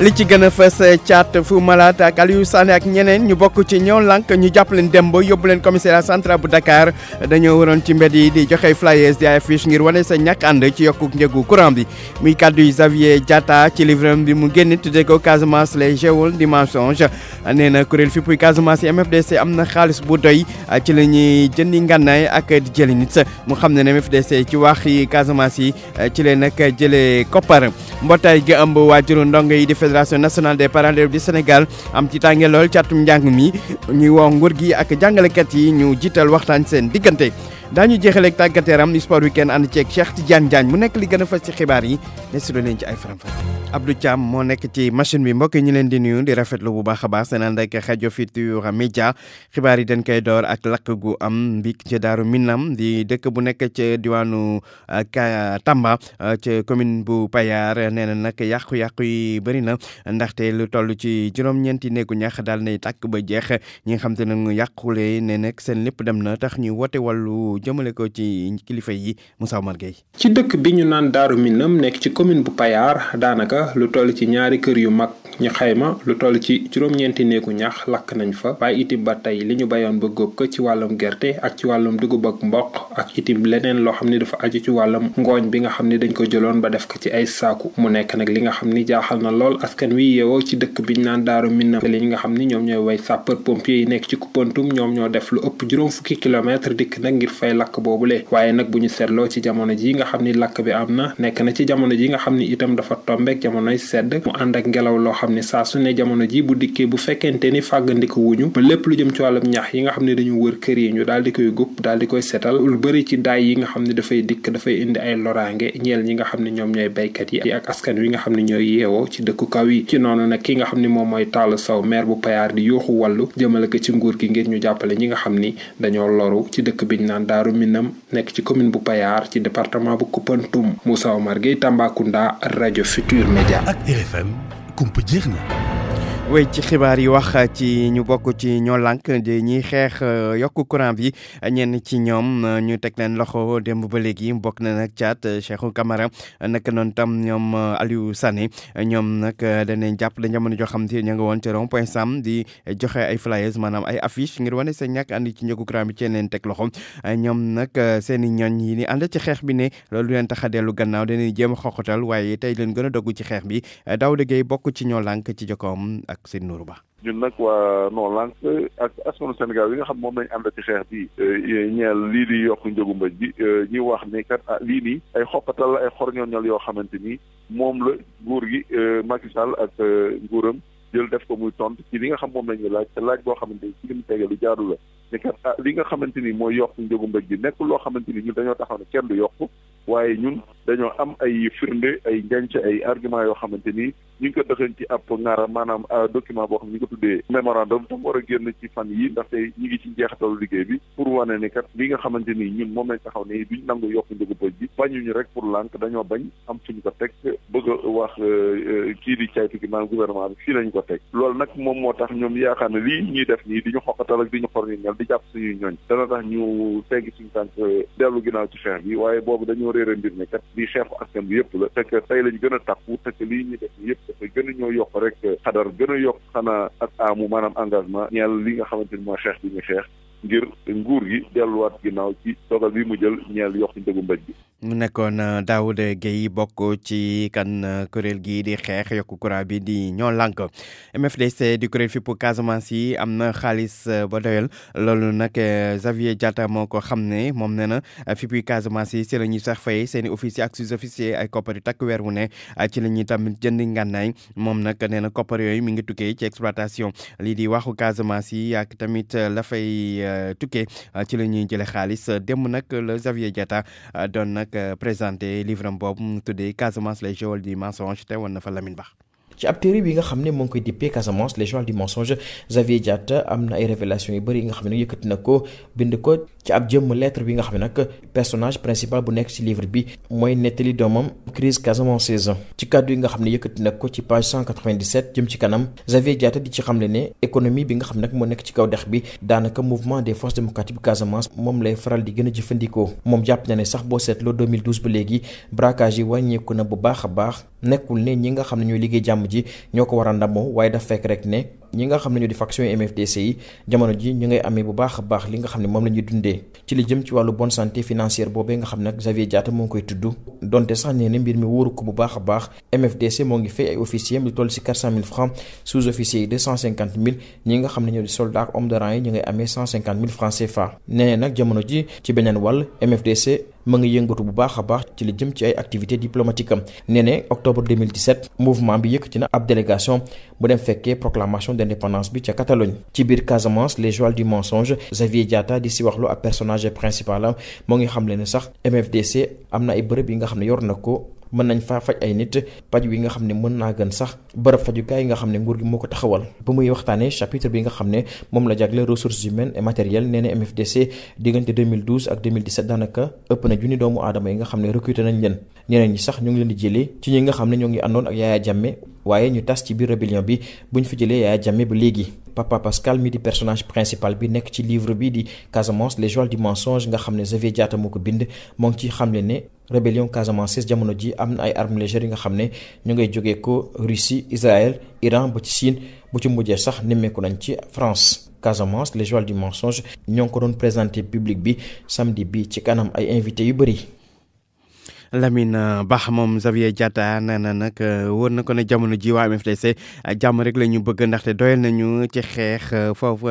li ci gën a fës eh, caat eh, fu malaat ak Aliou Sané ak ñeneen ñu bokk ci ñoo lànk ñu jàpp leen dem ba yóbbu leen commissariat central bu Dakar eh, dañoo waroon ci mbedd yi di joxe flyers di ay affiche ngir wane sa ñàkk ànd ci yokku njëgu courant bi muy kàddu yi Xavier Diatta ci livre bi mu génn tuddee ko Casamance les geôles du mensonge nee na kuréel fippuy Casamance yi MFDC am na xaalis bu doy ci la ñuy jëndi ngànnaay ak di jëli nit mu xam ne MFDC ci wax yi Casamance yi ci leen nag jëlee koppar mbootaay gi ëmb waajuru ndongo yi di fédération nationale de parents d'élèves du Sénégal am ci tànge lool ci atum mi ñuy woo nguur gi ak jàngalekat yi ñu jiital waxtaan seen diggante dañu jeexaleeg tàggat yaram li sport weekend ànd ceeg Cheikh Tidiane Diagne mu nekk li gën a fas ci xibaar yi ne leen ci ay faram-faram. Abdou Thiam moo nekk ci machine bi mbokk ñu leen di nuyu di rafetlu bu baax a baax seen ànd ak rajo Futurs Médias xibaar yi dañ koy door ak lakk gu am mbik ci Daaru Minam di dëkk bu nekk ci diwaanu euh, Tamba euh, ci commune bu Payar nee na nag yàqu-yàqu yi bëri na ndaxte lu toll ci juróom-ñeenti néegu ñax daal nay tàkk ba jeex ñi nga xam te ne yàqule ne nag seen lépp dem na tax ñu woote wàllu jëmale ko ci kilifa yi Moussa Omar Gueye ci dëkk bi ñu naan Daaru Minam nekk ci commune bu Payar daanaka lu toll ci ñaari kër yu mag ñu xayma lu toll ci juróom-ñeenti néeku ñax lakk nañ fa waaye itim ba tey li ñu bayoon ba góob ko ci wàllum gerte ak ci wàllum dugub ak mboq ak itim leneen loo xam ne dafa aju ci wàllum ngooñ bi nga xam ne dañ ko jëloon ba def ko ci ay saaku mu nekk nag li nga xam ni jaaxal na lool askan wi yeewoo ci dëkk biñ naan daaru minam li nga xam ni ñoom ñooy way sapeur pompier yi nekk ci kuppantum ñoom ñoo def lu ëpp juróom fukki kilomètre dikk nag ngir fay waaye lakk boobule waaye nag bu ñu seetloo ci jamono ji nga xam ni lakk bi am na nekk na ci jamono ji nga xam ni itam dafa tombeek jamonoy sedd mu ànd ak ngelaw loo xam ni saa su ne jamono ji bu dikkee bu fekkente ni fàggandiku ñu ba lépp lu jëm ci wàllum ñax yi nga xam ne dañu wër kër yi ñu daal di koy gupp daal di koy setal lu bëri ci daay yi nga xam ne dafay dikk dafay indi ay loraange ñeel ñi nga xam ne ñoom ñooy baykat yi ak askan wi nga xam ne ñooy yeewoo ci dëkku kaw yi ci noonu nag ki nga xam ne moom mooy Talla Sow maire bu Payar di yooxu wàllu jëmale ko ci nguur gi ngir ñu jàppale ñi nga xam ni Daaru Minam nekk ci commune bu Payar ci département bu Koupantoum Moussa Omar Gueye Tambacounda rajo Futur Média ak RFM kumpa jeex wéy ci xibaar yi wax ci ñu bokk ci ñoo lànk di ñi xeex euh, yokk courant bi ñenn ci ñoom euh, ñu teg leen loxo démb ba léegi bokk na nag Thiat euh, Cheikhou Camara naka noonu tam ñoom Aliou Sané ñoom nag danañ jàpp dañ jamono joo xam ne ñu nga woon ci rond point di joxe ay flyers maanaam ay affiche ngir wane sa ñàkk ànd ci njëgu courant bi ci loxo ñoom nag seen i ñooñ ni ànd ci xeex bi ne loolu leen tax dellu gannaaw danañ jéem a xoqatal waaye tey leen gën a dogg ci xeex bi Daouda Gueye bokk ci ñoo lànk ci jokkoom ak seen Nourou Ba. ñun nag waa non lank ak askanu Sénégal yi nga xam moom lañ ànd ci xeex bi euh, ñeel lii di yokk njëgu mbëj bi euh, ñuy wax ni kat ah, lii nii ay xoppatal la ay xorñooñal yoo xamante ni moom la nguur gi euh, Macky Sall ak nguuram jël def ko muy tont ci li nga xam moom lañuy laaj te laaj boo xamante ni mu tege lu jaadu la ne ah, li nga xamante ni mooy yokk njëgu mbëj bi nekk loo xamante ni ñun dañoo taxaw ne kenn du yokk waaye ñun dañoo am ay firnde ay njanc ay argument yoo xamante ni ñu ngi ko doxee ci ab ngaara maanaam euh, document boo xam ne ñu ko tuddee mémorandum tam war a génn ci fan yi ndaxte ñu ngi ci njeexitalu liggéey bi pour wane ni kat li nga xamante ni ñun moom lañ taxaw ne duñ nangu yokk njëgu bëj bi bañuñu rek pour lànk dañoo bañ am suñu ko teg bëgg a wax euh, euh, kii di caytu gi maanaam gouvernement bi fii lañ ko teg loolu nag moom moo tax ñoom yaakaar ne lii ñuy def nii di ñu xoqatal ak di ñu xor ñu ñel di jàpp suñuy ñooñ dana tax ñu teggi suñu tànk dellu ci xeex bi réere mbir mi kat lii chefu askan bi yëpp la te gën a takku te que lii def yëpp dafa gën a ñoo yokk rek xadar gën a yokk xanaa ak amu maanaam engagement ñeel li nga xamante ni moo cheikh bi ñu cheikh ngir nguur gi delluwaat ginnaaw ci dogal bi mu jël ñeel yokk njëgu mbaj bi mu nekkoon euh, Daouda Gueye bokk ci kan euh, kuréel gi di xeex yokku courant bi di ñoo lànk MFDC di kuréel fippu Casamance yi am na xaalis euh, ba doyal loolu nag Xavier Diatta moo ko xam ne moom nee na fippu Casamance yi si la ñuy sax fay seen i officier ak sous-officier ay koppar yu takk weer wu ne ci la ñuy tamit jënd ngànnaay moom nag nee na koppar yooyu mi ngi tukkee ci exploitation lii di waxu Casamance yi ak tamit la fay Euh, tukkee euh, ci la ñuy jëlee xaalis démb nag le Xavier Diatta euh, doon nag présenté livre am boobu mu tuddee Casamance les geôles du mensonge te woon na fa Lamine Ba. ci ab téere bi nga xam Casamance les gens du mensonge Xavier Diatta ay révélation yu bëri nga bind lettre personnage principal bu ci livre bi mooy crise Casamance. ci kàddu yi nga page 197 jëm ci kanam Xavier Diatta di ci xamle ne économie bi nga mouvement des forces démocratiques Casamance lay faral di gën a jëfandikoo na sax 2012 ba braquage a baax ji ñoo ko war a ndamoo waaye daf fekk rek ne ñi nga xam ne ñoo di faction MFDC yi jamono ji ñu ngay amee bu baax a baax li nga xam ne moom la ñuy dundee ci li jëm ci wàllu bonne santé financière boobee nga xam ne Xavier Diatta moo ngi koy tudd donte sax nee na mbir mi wóoru ko bu baax a baax MFDC moo ngi fay ay officiers lu toll si 400 000 francs sous officiers yi 250 000 ñi nga xam ne ñoo di soldats ak hommes de rang yi ñu ngay amee 150 000 francs CFA nee na nag jamono ji ci beneen wàll MFDC ma ngi yëngatu bu baax a baax ci li jëm ci ay activités diplomatiques am nee octobre 2017 mouvement bi yëkkati na ab délégation bu dem fekkee proclamation d'indépendance bi ci Catalogne ci biir Casamance les joies du mensonge Xavier Diata di si waxlu personnage principal mo ngi xam le sax MFDC amna ay bëre bi nga xam yor nako mën nañ fa faj ay nit paj wi nga xam mën na gën sax bëre fajukaay yi nga xam nguur gi moko taxawal bu muy waxtane chapitre bi nga xam mom la jagle ressources humaines et matérielles nee MFDC diggante 2012 ak 2017 danaka ëpp na junni doomu adamay nga xam recruter nañ leen ñeneen ñi sax ñu ngi leen di jëlé ci ñi nga xam ne ngi ak Yaya Jammeh waaye ñu tas ci biir rébellion bi buñ fi jëlee Yaya Jammeh ba léegi Papa Pascal mi di personnage principal bi nekk ci livre bi di Casamance les joies du mensonge nga xam ne Xavier Diatta moo ko bind moo ngi ci xamle ne rébellion Casamance jamono ji am na ay armes légères yi nga xam ne ñu ngay jógee ko Russie Israël Iran ba ci Chine bu ci mujjee sax nemmeeku nañ ci France Casamance les joies du mensonge ñoo ngi ko doon présenté public bi samedi bi ci kanam ay invités yu bëri Lamine Ba moom Xavier Diatta nee na nag euh, wóor na ko ne jamono ji waa MFDC euh, jàmm rek la ñu bëgg ndaxte doyal nañu ci xeex euh, foofu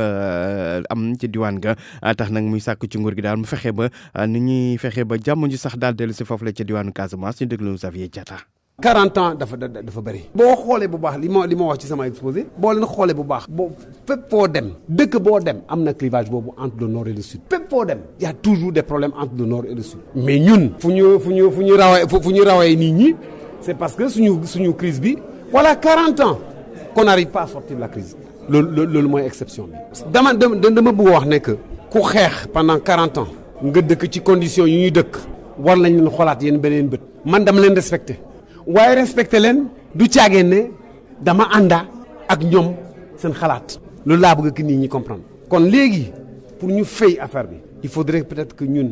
am ci diwaan ga tax nag muy sàkk ci nguur gi daal mu fexe ba ni ñuy fexe ba jàmm ji sax daal dellu si foofu la ca diwaanu Casamance ñu déglu Xavier Diatta. 40 ans dafa dafa Si on xolé bu baax li ma li ma wax ci sama exposé. bo bu baax. dem. dem clivage entre le nord et le sud. dem y a toujours des problèmes entre le nord et le sud. mais ñun. fuñu fuñu fuñu raway fuñu c'est parce que suñu suñu crise bi voilà 40 ans qu'on n'arrive pas à sortir de la crise Le moins exceptionnel... exception bi. dama dama bu wax que. pendant 40 ans. nga dëkk ci condition yu ñuy war waaye respecté leen du caageen ne dama ànda ak ñoom seen xalaat loolu laa bëgg ki nit ñi comprendre kon léegi pour ñu fay affaire bi il faudrait peut-être que ñun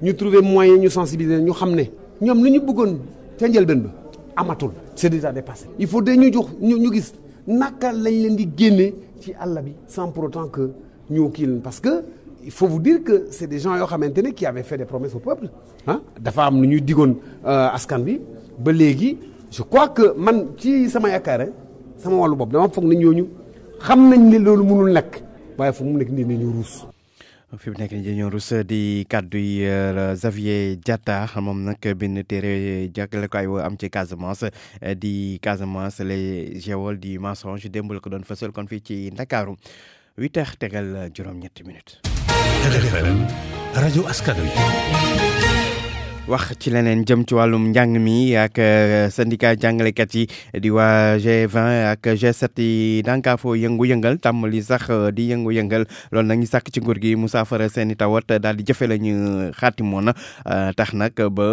ñu trouver moyen ñu sensibiliser ñu xam ne ñoom lu ñu bëggoon ca njëlbeen ba amatul c'est déjà dépassé il faudrait ñu jox ñu ñu gis naka lañ leen di génne ci àll bi sans pour autant que ñu kii parce que il faut vous dire que c'est des gens yoo xamante qui avaient fait des promesses au peuple d'affaires hein. dafa am lu ñuy digoon euh, askan bi ba je crois que man ci sama yaakaar sama wàllu bopp dama foog ne ñooñu xam nañ ne loolu mënul nekk waaye fu mu nekk nii nañu fi mu nekk di euh, Xavier Diatta moom nag benn téere jàkkale ko ay am ci Casamance di Casamance les geôles du mensonge démb la ko doon fësal kon fii ci Ndakaaru huit heures tegal juróom-ñetti minutes. RFM, Radio Ascari wax ci leneen jëm ci wàllum njàng mi ak eh, syndicat jàngalekat yi eh, di waa G20 ak G7 yi dànkaafoo yëngu-yëngal tàmmali sax di yëngu-yëngal eh, loolu nag ñu sàkk ci nguur gi musaafara seen i tawat daal di jëfe la ñu xaatimoon tax nag ba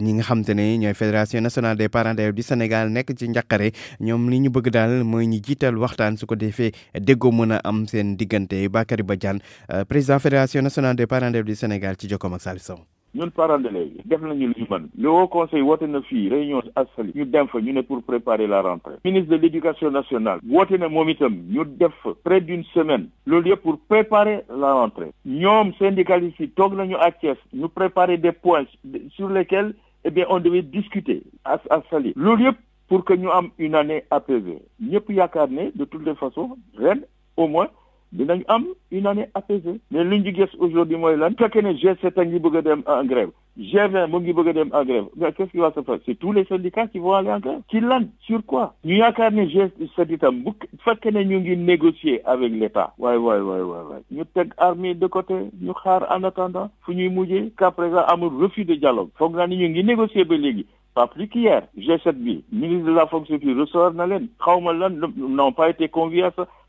ñi nga xam te ne ñooy fédération nationale des parents d'élèves du Sénégal nekk ci njàqare ñoom li ñu bëgg daal mooy ñu jiital waxtaan su ko defee déggoo mën a am seen diggante Bakary Badiane président fédération nationale des parents d'élèves du Sénégal ci jokkoom ak Salif Sow Nous ne parlons def nañu lu mën le haut conseil woote na fii réunion asali ñu dem fa ñu ne pour préparer la rentrée ministre de l'éducation nationale woote na moom itam ñu def près d'une semaine le lieu pour préparer la rentrée ñoom syndicalistes yi toog nañu ak Thiès ñu préparer des points sur lesquels eh bien on devait discuter à asali Le lieu pour que ñu am une année apaisée ñëpp yaakaar ne de toutes les façons ren au moins dinañ am une année apaisée mais liñ di gis aujourd'hui mooy lan fekkee ne G7 a ngi bëgg a dem en grève G20 mu ngi bëgg a dem en grève mais qu'est-ce qui va se faire c'est tous les syndicats qui vont aller en grève ci lan sur quoi ñu yaakaar ne G7 itam bu fekkee ne ñu ngi négocier avec l'État waay waay waay waay waay ñu teg armée de côté ñu xaar en attendant fu ñuy mujjee après présent amul refus de dialogue foog naa ni ñu ngi négocier ba léegi pas plus hier G7 bi ministre de la fonction publique recevoir na leen xaw ma lan n'ont pas été conviés à ça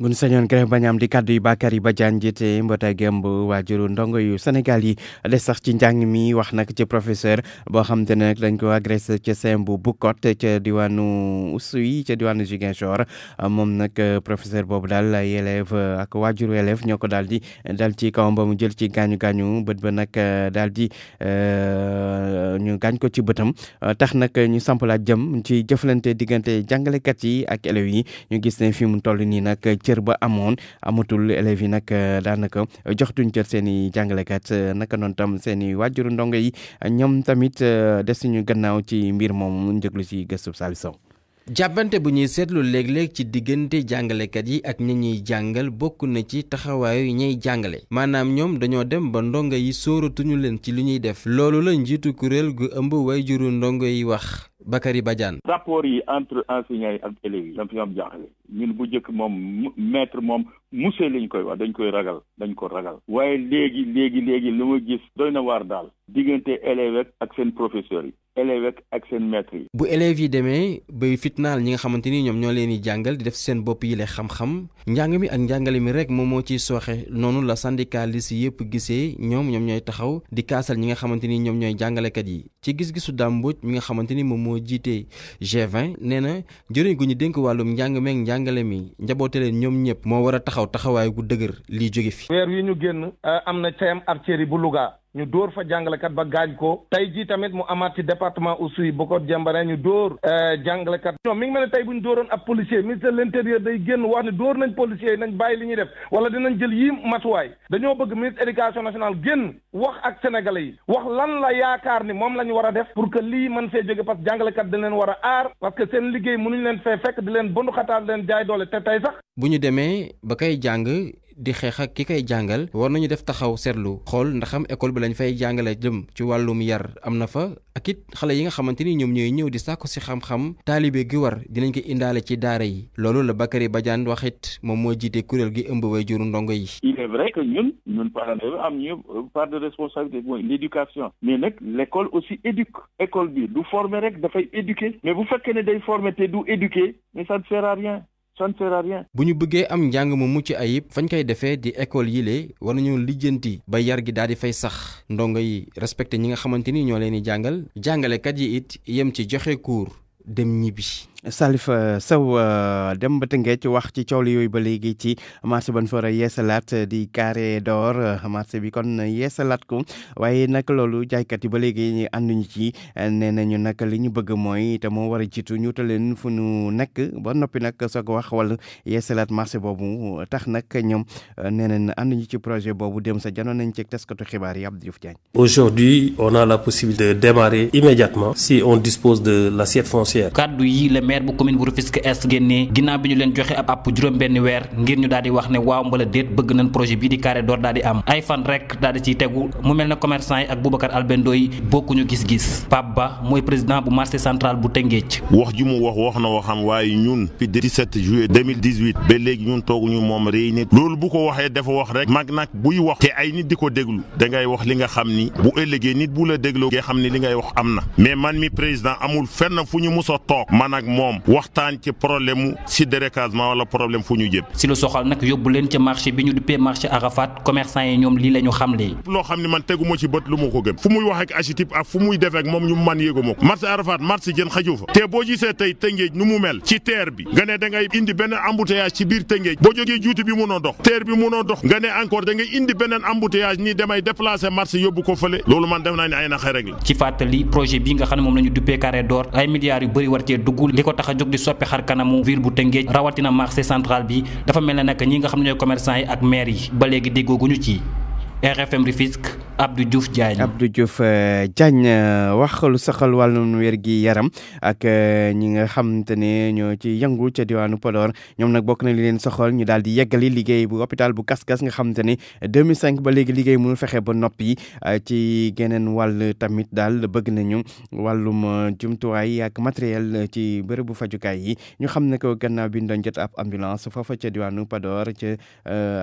buñ sañoon grève ba ñam di kaddu yi Bakary Badiane jiite mbootaay gemb waajuru ndongo yu Sénégal yi des sax ci njàng mi wax nag ci professeur boo xam te ne ko agressé ca sem bu Bukot ca diwaanu Oussouye ca diwaanu Ziguinchor moom nag professeur boobu daal ay élève ak waajuru élève ñoo ko daal dal ci kawam ba mu jël ci gaañu-gaañu bët ba nag daal di ñu gaañ ko ci bëtam tax nag ñu samp laaj jëm ci jëflante diggante jàngalekat yi ak yi gis ne fi mu toll cër ba amoon amatul élèves yi nag euh, daanaka joxtuñ cër seen i jàngalekat euh, naka noonu tam seen i waajuru ndongo yi ñoom tamit euh, des suñu gannaaw ci mbir moomu njëglu si gëstu Saliou Sow jàppante bu ñuy seetlu léeg-léeg ci diggante jàngalekat yi ak ñi ñuy jàngal bokk na ci taxawaayu ñay jàngale maanaam ñoom dañoo dem ba ndongo yi sóoratuñu leen ci lu ñuy def loolu la njiitu kuréel gu ëmb waajuru ndongo yi wax Bakary Badiane ñun bu jëkk moom maître moom monsieur lañ koy wax dañ koy ragal dañ ko ragal waaye léegi léegi léegi lu ma gis doy na waar daal diggante élèves ak seen professeurs yi élèves ak seen maîtres yi. bu élèves yi demee bay fitnaal ñi nga xamante ni ñoom ñoo leen di jàngal di def seen bopp yi la xam-xam njàng mi ak njàngale mi rek moom moo ciy sooxe noonu la syndicaliste yëpp gisee ñoom ñoom ñooy taxaw di kaasal ñi nga xamante ni ñoom ñooy jàngalekat yi ci gis-gisu Dame mi nga xamante ni moom moo jiite G20 na gu dénk wàllum njàng meeg njàngale mi njaboote leen ñoom ñëpp moo war a taxaw taxawaay gu dëgër lii jóge fi weer wi ñu génn euh, am na cayam artère bu Louga ñu dóor fa jàngalekat ba gaañ ko tey jii tamit mu amaat ci département Oussouye Bokor Diembane ñu dóor euh, jàngalekat ñoom mi ngi mel ne tey bu ñu dóoroon ab policier ministre de l'intérieur day génn wax ne dóor nañ policier yi nañ bàyyi li ñuy def wala dinañ jël yi matuwaay dañoo bëgg ministre éducation nationale génn wax ak sénégalais yi wax lan la yaakaar ni moom la ñu war def pour que lii man fee jóge parce que jàngalekat dañ leen war a aar parce que seen liggéey mënuñ leen fee fekk di leen bundu xataal leen jaay doole tey sax bu ñu demee ba kay jàng di xeex ak ki koy jàngal war nañu def taxaw seetlu xool ndaxam école bi lañ fay jàngale jëm ci wàllum yar am na fa ak xale yi nga xamante ni ñoom ñooy ñëw di sàkku si xam-xam taalibe gi war dinañ ko indaale ci daara yi loolu la Bakary Badiane wax it moom moo jiite kuréel gi ëmb way juru ndongo yi. il est vrai ñun ñun parents am ñu euh, part de responsabilité mooy l'éducation mais nag l'école aussi éduque école bi du former rek dafay éduquer mais bu fekkee ne day former ça bu ñu bëggee am njàng mu mucc ayib fañ koy defee di école yi le war nañoo lijjanti ba yar gi daal di fay sax ndongo yi respecté ñi nga xamante ni ñoo leen di jàngal jàngalekat yi it yem ci joxe cours dem ñibbi. Salif euh, saw euh, dem ba Tëngéej wax ci coow li yooyu ba léegi ci marché ban fara yeesalaat euh, di carré door marché bi kon yeesalaat ko waaye nag loolu jaaykat yi ba léegi ñu ànduñu ci nee nañu nag li ñu bëgg mooy te moo war a jiitu ñu utaleen fu ñu nekk ba noppi nag soog wax wala yeesalaat marché boobu tax nag ñoom nee nañ ànduñu ci projet boobu dem sa janoon nañ ci taskatu xibaar yi Abdou Diouf Diagne. Aujourd'hui, on a la possibilité de démarrer immédiatement si on dispose de l'assiette foncière. maire bu commune bu Rufisque Est génnee ginnaaw bi ñu leen joxe ab àpp juróom-benni weer ngir ñu daal wax ne waaw mbala déet bëgg nañ projet bii di carré d'or daal am ay fan rek daal di tegu mu mel ne commerçant yi ak Boubacar Albendo yi bokkuñu gis-gis Pape Ba mooy président bu marché central bu Tëngéej. wax ji mu wax wax na waxam waaye ñun ba léegi ñun tooguñu moom réy nit loolu bu ko waxee dafa wax rek mag nag buy wax te ay nit di ko déglu da li nga xam ni bu ëllëgee la dégloo nga xam ni li ngay wax am na a moom waxtaan ci problème si dérecasement wala problème fu ñu jëm. si lu soxal nag yóbbu leen ca marché bi ñu duppee marché Arafat commerçant yi ñoom lii la ñu xamle. loo xam ne man tegu ci bët lu ma ko gëm fu muy wax ak ak fu muy defee ak moom ñu man yéegu ko marché Arafat marché jën xaju fa te boo gisee tey tëngeej nu mu mel ci teer bi nga ne da indi benn embouteillage ci biir tëngeej boo jógee juuti bi munoo dox teer bi munoo dox ko tax a jóg di soppi xar kanamu ville bu Tëngéej rawatina marché central bi dafa mel ne nag ñi nga xam ne ñooy commerçant yi ak maire yi ba léegi déggooguñu ci RFM Rufisque Abdou Diouf Diagne Abdou Diouf eh, Diagne eh, wax lu saxal wàllum wér gi yaram ak eh, ñi nga xamante ne ñoo ci yëngu ca diwaanu Podor ñoom nag bokk na li leen soxal ñu daal di yeggali liggéey bu opital bu Kaskas nga xamante ne 2005 ba léegi liggéey mënul fexe ba noppi ci geneen wàll tamit daal bëgg nañu wàllum jumtuwaay ak matériel ci bërëbu fajukaay yi ñu xam ne ko gannaaw bi ñu doon jot ab ambulance foofa ca diwaanu Podor ca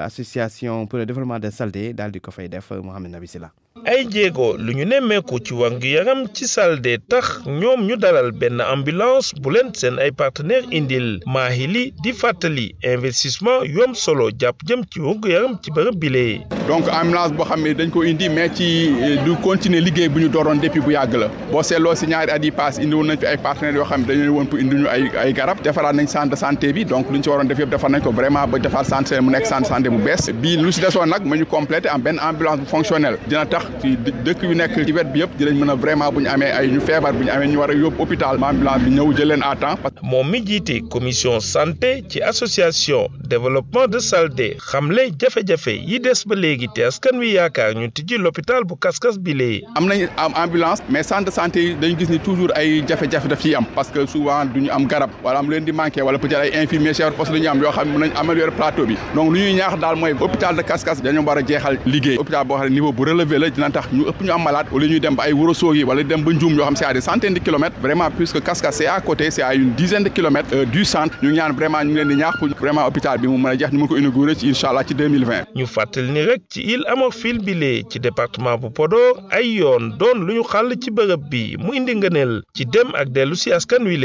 association pour le développement de santé daal di ko fay def Mouhamed 대박. ay jéego lu ñu nemmeeku ci wàngu yaram ci salde tax ñoom ñu dalal benn ambulance bu leen seen ay partenaire indil maahi li di fàttali investissement yom solo jàpp jëm ci wàngu yaram ci bërëb bilee donc ambulance boo xam ne dañ ko indi mais ci euh, du continuer liggéey bu ñu dooroon depuis bu yàgg la boo seetloo si ñaari a yi paas indi woon nañ fi ay partenaires yoo xam ne dañu woon pour indi ay garab defaraat nañ centre sante bi donc lu ñu si waroon def yëpp defar nañ ko vraiment ba defar centre mu nekk centre santé bu bees bii lu si am benn ambulance bu ci dëkk yu nekk ci wet bi yëpp dinañ mën a vraiment bu ñu amee ay ñu feebar bu ñu amee ñu war a yóbbu hôpital ambulance bi ñëw jël leen à temps. moom mi jiite commission santé ci association développement de xam xamle jafe-jafe yi des ba léegi te askan wi yaakaar ñu tijji l'hôpital bu kaskas bi lee. am nañ am ambulance mais centre de santé yi dañu gis ni toujours ay jafe-jafe daf ciy am parce que souvent du ñu am garab wala am leen di manqué wala peut-être ay infirmiers chef poste la ñu am yoo xam ne mën plateau bi donc lu ñuy ñaax daal mooy hôpital de kaskas dañoo war a jeexal liggéey hôpital boo xam ne niveau bu relevé la dina tax ñu ëpp ñu am malade au lieu dem ba ay woroso yi wala dem ba njum yoo xam c'est à des centaines de kilomètres vraiment puisque Casca c'est à côté c'est à une dizaine de kilomètres euh, du centre ñu ñaan vraiment ñu leen di ñaax pour vraiment hôpital bi mu mën a jeex ñu mën ko inaugurer ci ci 2020 ñu fàttali ni rek ci île amophile bi ci département bu Podor ay yoon doon lu ñu xàll ci bërëb bi mu indi ngëneel ci dem ak dellu si askan wi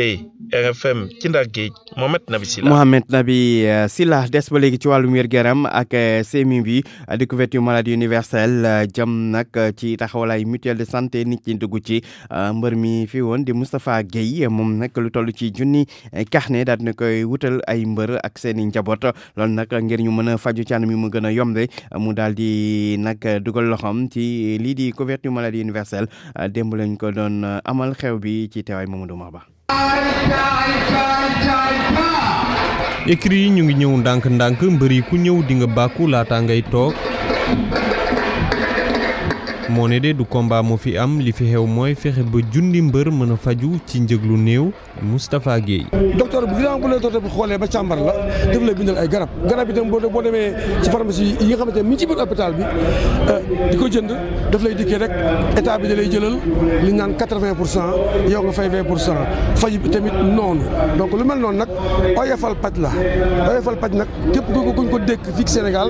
RFM ci ndar géej Mohamed Nabi Sila Mohamed Nabi euh, Sila des ba léegi ci wàllum wér-garam ak euh, semi bi euh, découverte maladie universelle jëm nag nag eh, ci taxawalaay mutuelle de santé nit ñi dugg ci eh, mbër mi fi woon di Moustapha Guèye eh, moom nag lu toll ci junni carnet daal dina koy wutal ay mbër ak seeni njaboot loolu nag ngir ñu mën a faju ci anam mi mu gën a yombe mu daal di nag dugal loxoom ci lii di couverture maladie universelle démb lañ ko doon amal xew bi ci teewaay Mamadou Maba écrit yi ñu ngi ñëw ndànk moo ne de du combat moo fi am li fi xew mooy fexe ba junni mbër mën a faju ci njëg lu néew Moustapha Guèye. docteur bu ginnaaw bu la docteur bi xoolee ba càmbar la daf lay bindal ay garab garab yi tam boo boo demee ci pharmacie yi nga xamante ne mi ngi ci biir hôpital bi euh, di ko jënd daf lay dikkee rek état bi da lay jëlal li naan quatre pour cent yow nga fay vingt pour cent faj bi tamit noonu donc lu mel noonu nag oyofal paj la oyofal paj nag képp ku ko kuñ ko dékk fii Sénégal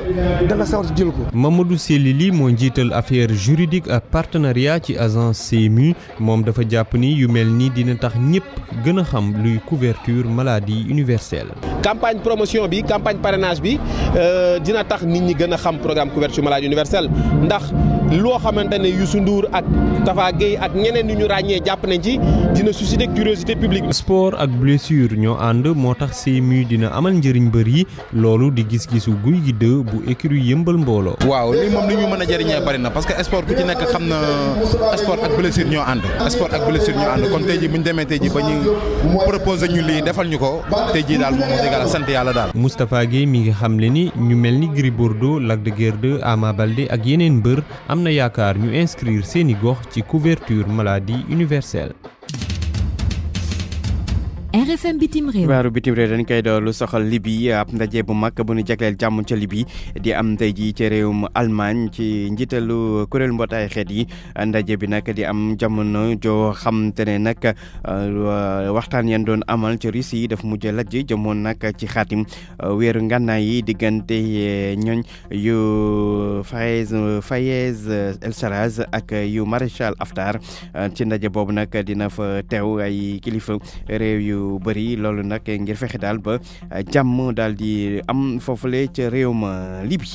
da nga sawar ci jël ko. Mamadou Sélili dig à partenariat ci agence CMU membre de jàpp ni yu mel ni dina tax couverture maladie universelle. campagne promotion bi campagne parrainage bi euh, dina tax nit programme couverture maladie universelle loo xamante ne Youssou Ndour ak Tafa Gueye ak ñeneen ñu ñu ràññee jàpp nañ ci dina susciter curiosité publique. sport ak blessure ñoo ànd moo tax CMU dina amal njëriñ mbër yi loolu di gis-gisu guy gi de bu écurie yëmbal mbooloo. waaw lii moom li ñu mën a jëriñee bari na parce que sport ku ci nekk xam sport ak blessure ñoo ànd sport ak blessure ñoo ànd kon tey jii bu ñu demee tey jii ba ñu proposé defal ñu ko tey jii daal moom sant yàlla daal. Gueye mi ñu Bordeaux Lac de Ama balde ak yeneen am am na yaakaar ñu inscrire seeni gox ci couverture maladie universelle RFM bitim réew. waaru bitim réew dañ koy doon lu soxal Libi ab ndaje bu mag bu ñu jagleel jàmm ca Libi di am tey jii ci réewum Allemagne ci njiitalu kuréel mbootaayu xeet yi ndaje bi nag di am jamono jo xam te ne nag euh, waxtaan doon amal ci Russie daf mujj lajj jëmoon nag ci xaatim euh, weeru ngànnaay yi diggante euh, ñoñ yu Fayez Fayez El Sarraj ak yu maréchal Haftar ci ndaje boobu nag dina fa teew ay kilifa réew yu. yu bëri loolu nag ngir fexe daal ba jàmm daal di am foofule ca réew réewum Libi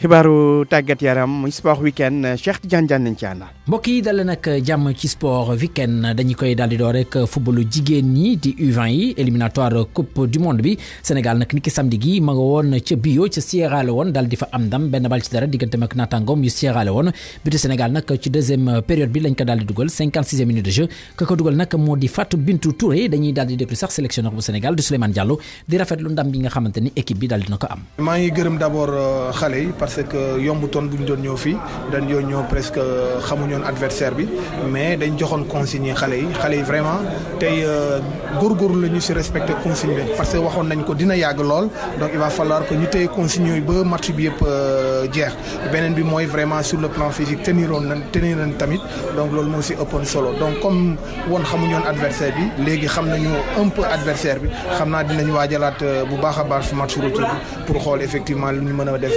xibaaru tàggat yaram sport weekend Cheikh Tidiane Diagne lañ ci àndal mbokk yi dale nag jàmm ci sport weekend dañu koy daldi di rek footballu jigéen ñi di U20 yi éliminatoire coupe du monde bi Sénégal nag niki samedi gi ma nga woon ca Bio ca Sierra Leone daal di fa am ndam benn bal ci dara diggante ak naataangoom yu Sierra Leone bitu Sénégal nag ci deuxième période bi lañ ko daldi di dugal 56e minute de jeu ka ko dugal nag moo di Fatou Bintou Touré dañuy daldi depuis sax sélectionneur bu Sénégal di Souleymane Diallo di rafetlu ndam bi nga xamante ni équipe bi daldi dina ko am. maa ngi gërëm d'abord euh, xale yi parce que yomb bu buñu doon ñëw fii dañ doon ñëw presque euh, xamuñu ñoon adversaire bi mais dañ joxoon consigne xale yi xale yi vraiment tey euh, góorgóorlu la ñu si respecté consigne bi parce que waxoon nañ ko dina yàgg lool donc il va falloir que ñu téye consigne yooyu ba match bi yëpp euh, jeex beneen bi mooy vraiment sur le plan physique teniroon nañ tenir nañ tamit donc loolu moo si ëppoon solo donc comme woon xamuñoon adversaire bi léegi xam nañu un peu adversaire bi xam naa dinañu waajalaat euh, bu baax a baax match retour pour xool effectivement lu ñu mën a def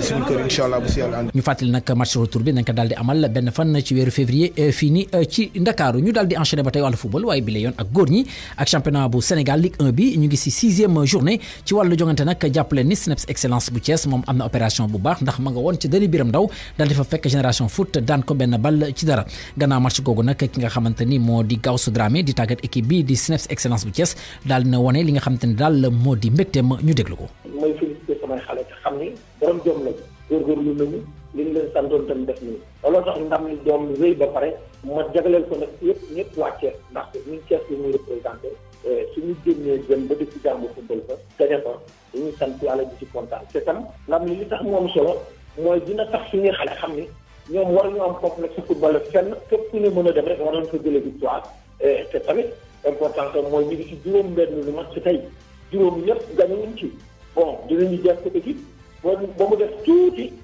suñu kër incha allah bu si yàlla ñu fàttali nag match retour bi nañ ko daal di amal benn fan na ci weeru février euh, fii ni euh, ci Dakar ñu daal di enchaîner ba tey wàllu football waaye bi la yoon ak góor ñi ak championnat bu Sénégal Ligue 1 bi ñu ngi si sixième journée ci wàllu jongante nag jàppale ni Snaps excellence bu Thiès moom am na opération bu baax ndax ma nga woon ci dali biram ndaw daal di fa fekk génération foot daan ko benn bal ci dara gannaaw match googu nag ki nga xamante ni moo di Gaoussou Dramé di tàggat équipe bi di Snaps excellence bu Thiès daal na wone li nga xamante ni daal moo di mbégteem ñu déglu ko. may félicité samay xale te xam ni borom jom lañu góorgóorlu nañu li ñu leen santoon tam def nii looloo tax ndam li doom rëy ba pare ma jagleel ko nag yëpp ñëpp waa Thiès ndax ñun Thiès li ñuy représenté euh, suñu génnee jëm ba dëkk ci jàmbu football fa gañe ko dañuy sant yàlla di ci kontaan te tam ndam li li tax moom solo mooy dina tax suñuy xale xam ni ñoom waruñu am complexe football fenn képp ku ñu mën a dem rek waroon fa jëlee victoire euh, te tamit importance mooy ñu ngi ci juróom-benn lu ma si tey juróom ñëpp gañu ñu ci bon dinañu def ko équipe ba mu def tuuti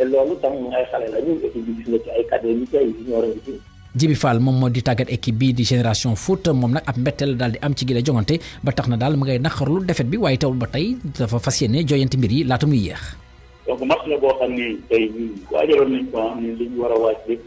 te loolu tam ñu ay moom moo di tàggat équipe bi di génération foot moom nag ab mbetteel daal di am ci gile jongante ba tax na daal mu ngay naqarlu defet bi waaye tawul ba tey dafa fas yéene jooyanti mbir yi laata muy yéex. donc a waaj lépp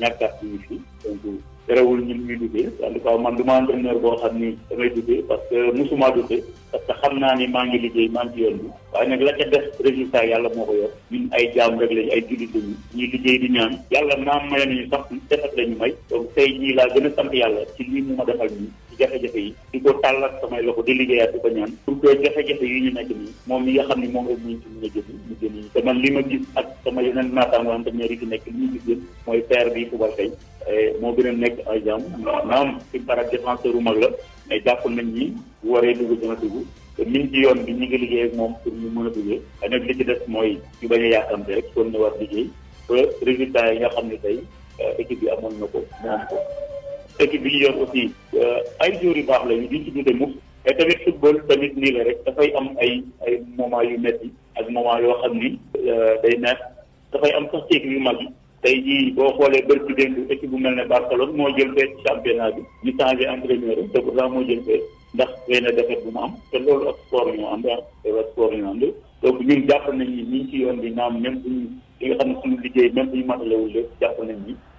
def nañ ko. terewul ñun ñuy duggee en tout cas man du ma entraîneur boo xam ni damay duggee parce que musuma duggee parce que xam naa ni maa ngi liggéey maa ngi ci yoon bi waaye nag la ca def résultat yàlla moo ko yor ñun ay jaam rek lañ ay jullit lañu ñuy liggéey di ñaan yàlla naam mayoon nañu sax defat lañu may donc tey yi laa gën a sant yàlla ci lii mu ma defal nii jafe-jafe yi di ko tàllal samay loxo di liggéeyaat di ko ñaan pour que jafe-jafe yi ñu nekk nii moom mi nga xam ne moom rek ñu ci nga jëm ñu jëm te man li ma gis ak sama yeneen naataango am tam ñaari fi nekk li ñu gis yëpp mooy père bi fubal tey eh, moo gën a nekk ay jàmm naam ci para défenseur mag la mais jàpp nañ ni bu waree dugg dina dugg min ci yoon bi ñi ngi liggéey ak moom pour ñu mën a duggee nag li ci des mooy ñu bañ a yàkkamte rek kon ne war liggéey ba résultat yi nga xam ne tey eh, équipe bi amoon na ko mu ko équipe bi ñu yor aussi euh, ay joueurs yu baax la ñu duñ si dute mukk te tamit football tamit nii la rek dafay am ay ay moment yu metti ak moment yoo xam ni euh, day neex dafay am sax ci yu mag yi tey jii boo xoolee bërki démb équipe bu mel ne Barcelone moo jël fee championnat bi ñu changé entraîneur te pourtant moo jël fee ndax benn defet bu mu am te loolu ak sport ñu ànd ah, ak sport ñu ànd donc ñu jàpp nañ ni ñu ci yoon bi naam même ñu li nga xam ne ñu liggéey même bu ñu matalewul lépp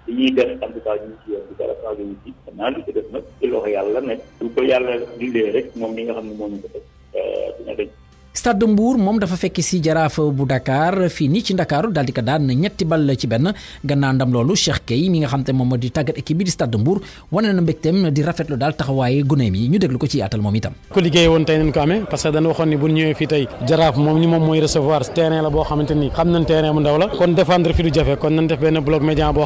li ñuy def en tout cas ñu ngi bi dara changé wu ci xanaa li def nag ci loxo yàlla ne bu ko yàlla dindee rek moom mi nga xam ne moo ñu ko a euh, dina dëj stade de moom dafa fekk si jaraaf bu Dakar fii nii ci Ndakaaru daal ko daan ñetti ball ci benn gannaaw ndam loolu Cheikh Key mi nga xam te moom moo di tàggat équipe bi di stade de wane na mbégteem di rafetlu daal taxawaaye gunéem yi ñu déglu ko ci yaatal moom itam. ko liggéey waxoon ni bu ñëwee fii tey jaraaf moom ñu moom mooy recevoir terrain la boo xamante ni xam nañ terrain bu ndaw la kon défendre fi du jafe kon nañ def benn bloc médian boo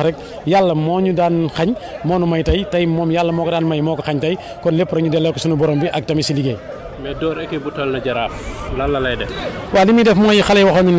rek yàlla moo ñu daan xañ moo nu may tey tey moom yàlla moo ko daan may moo ko xañ tey kon lépp rek ñu delloo ko suñu borom bi ak tamit si liggéey mais door équipe bu toll na jaraaf lan lay def. waaw li muy def mooy xale yi waxoon na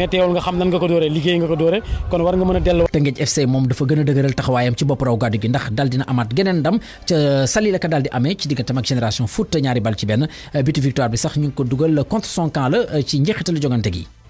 euh, euh, nga ko dooree liggéey nga ko dooree kon war nga mën a delloo Teungueth FC moom dafa gën a dëgëral taxawaayam ci bopp raw gàddu gi ndax dal dina amaat geneen ndam ca Saly la ko daal di amee ci digganteem ak génération foot ñaari bal ci benn bitu victoire bi sax ñu ngi ko dugal contre son camp la ci njeexitalu jogante gi.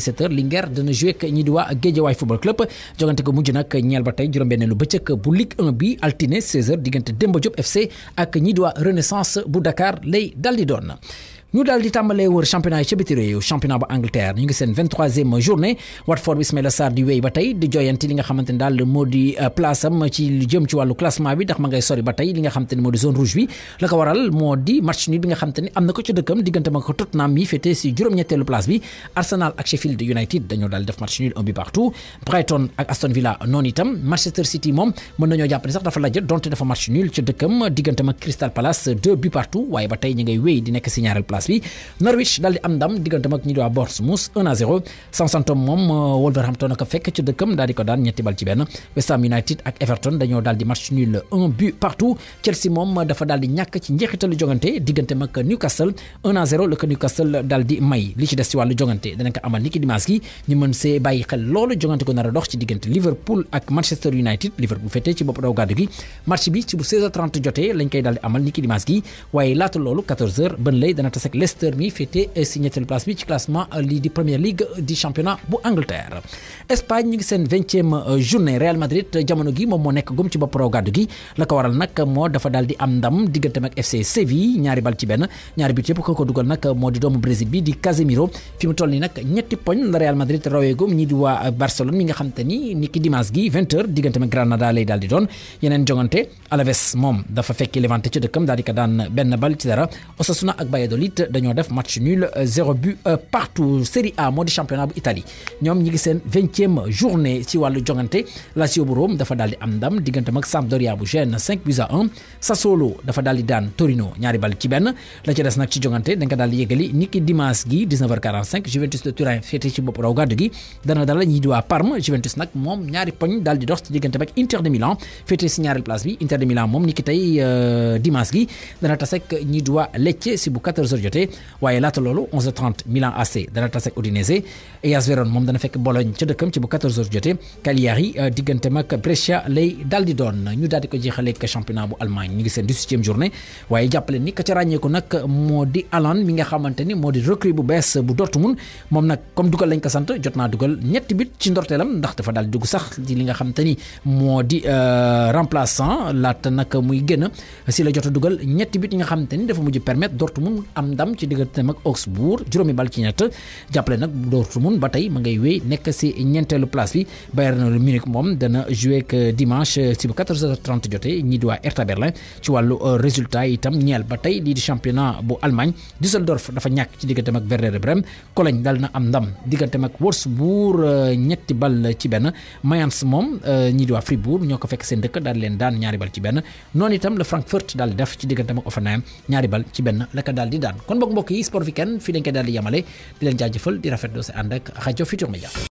17 li Linguère dana joué ak ñi di waa Guédiawaye football club jogante ko mujj nag ñeel ba tey juróom-benneelu bëccëg bu Ligue 1 bi altine 16 diggante Demba Diop FC ak ñi diwaa waa Renaissance bu Dakar lay dal di doon. ñu dal di tàmbalee wër championnat yi ca biti réew championnat ba Angleterre ñu ngi seen 23e journée Watford bi Ismaïla Sarr di wéy ba tey di joyanti li nga xamante ne daal moo di euh, place am ci lu jëm ci wàllu classement bi ndax ma ngay sori ba tey li nga xamante ne moo di zone rouge bi la ko waral moo di match nul bi nga xamante ne am na ko ca dëkkam diggante ma ko Tottenham yi féete si juróom-ñetteelu place bi Arsenal ak Sheffield United dañoo daal def match nul un but partout Brighton ak Aston Villa noonu itam Manchester City moom mën nañoo jàpp ne sax dafa lajjat donte dafa match nul ca dëkkam diggante ma Crystal Palace deux buts partout waaye ba tey ñu ngay wéy di nekk si ñaareel place passe bi Norwich daal di am ndam digganteem ak ñi di waa Bournemouth moom euh, Wolverhampton ak fekk ci dëkkam daal di ko daan ñetti bal ci benn West United ak Everton dañoo daal di match nul la ko Newcastle daal di may li ci des ci wàllu jogante danañ amal ni gi ñu mën see bàyyi xel loolu jogante ko nar dox ci diggante Liverpool ak Manchester United Liverpool féetee ci bopp daw gàddu gi match bi ci bu 16 lañ koy daal di amal ni ak Leicester mi signé signé le place mi classement euh, lii di première ligue euh, championnat bu Angleterre. Espagne ñu ngi seen euh, journée Real Madrid jamono gi mom mo nek gum ci pro gi la ko waral nak mo dafa am ndam ak FC Séville ñaari bal ci ben ñaari but ko ko di Brésil bi di Casemiro fi mu toll ñetti Real Madrid rawé gum ñi di wa Barcelone mi nga xam gi 20h ak Granada lay Yenen di yenen jongante Alaves Mom, dafa fekki Levante ci dëkkam daldi ka daan bal ci dara Osasuna ak def match nul 0 euh, but euh, partout Série A mode championnat bu Italie ñoom ñi ngi seen 20e journée ci wàllu jongante Lazio bu Rome dafa daal di am ndam Sampdoria bu 5 buts à 1 Sassolo dafa daal di daan Torino ñaari bal ci benn la ci des nag ci jongante da nga daal di niki dimanche gi 19h45 Juventus de Turin féete ci bopp raw gàddu gi dana dala ñi di waa Parme Juventus nag moom ñaari poñ daal di dox ci Inter de Milan féete si ñaareelu place bi Inter de Milan mom niki tey euh, dimanche gi dana tas ak ñi di Lecce si bu 14h là, tout le monde, 11h30 Milan AC dans la ak Udinese AS moom dana fekk Bologne ca dëkkam ci bu 14h jotee Cagliari euh, digganteem ak Brescia lay daal di doon ñu daal di ko jeexalee ak championnat bu Allemagne ñu ngi seen 17e journée waaye jàppale ni ka ca nag moo di Haaland mi nga xamante ni moo di recrue bu bees bu Dortmund moom nag comme dugal lañ ko sant jot naa dugal ñetti bit ci ndorteelam ndax dafa daal di dugg sax ci li nga xamante ni moo di euh, remplaçant laata nag muy génn si la jot a dugal ñetti bit yi nga xamante ni dafa mujj permettre Dortmund am ndam ci digganteem ak Augsbourg juróomi bal ci ñett jàppale nag Dortmund ba tey ma ngay wéy nekk si ñeenteelu place bi Bayern Munich moom dana joué dimanche euh, si bu jotee ñii di waa Hertha Berlin ci wàllu euh, résultat itam ñeel ba tey lii di championnat bu Allemagne Düsseldorf dafa ñàkk ci digganteem ak Werder Bremen Cologne dal na am ndam digganteem ak Wolfsburg euh, ñetti bal ci benn Mayence moom ñii di waa ñoo ko fekk seen dëkk daal leen daan ñaari bal ci benn noonu itam la Frankfurt daal def ci digganteem ak Offenheim ñaari bal Radio Futur Média.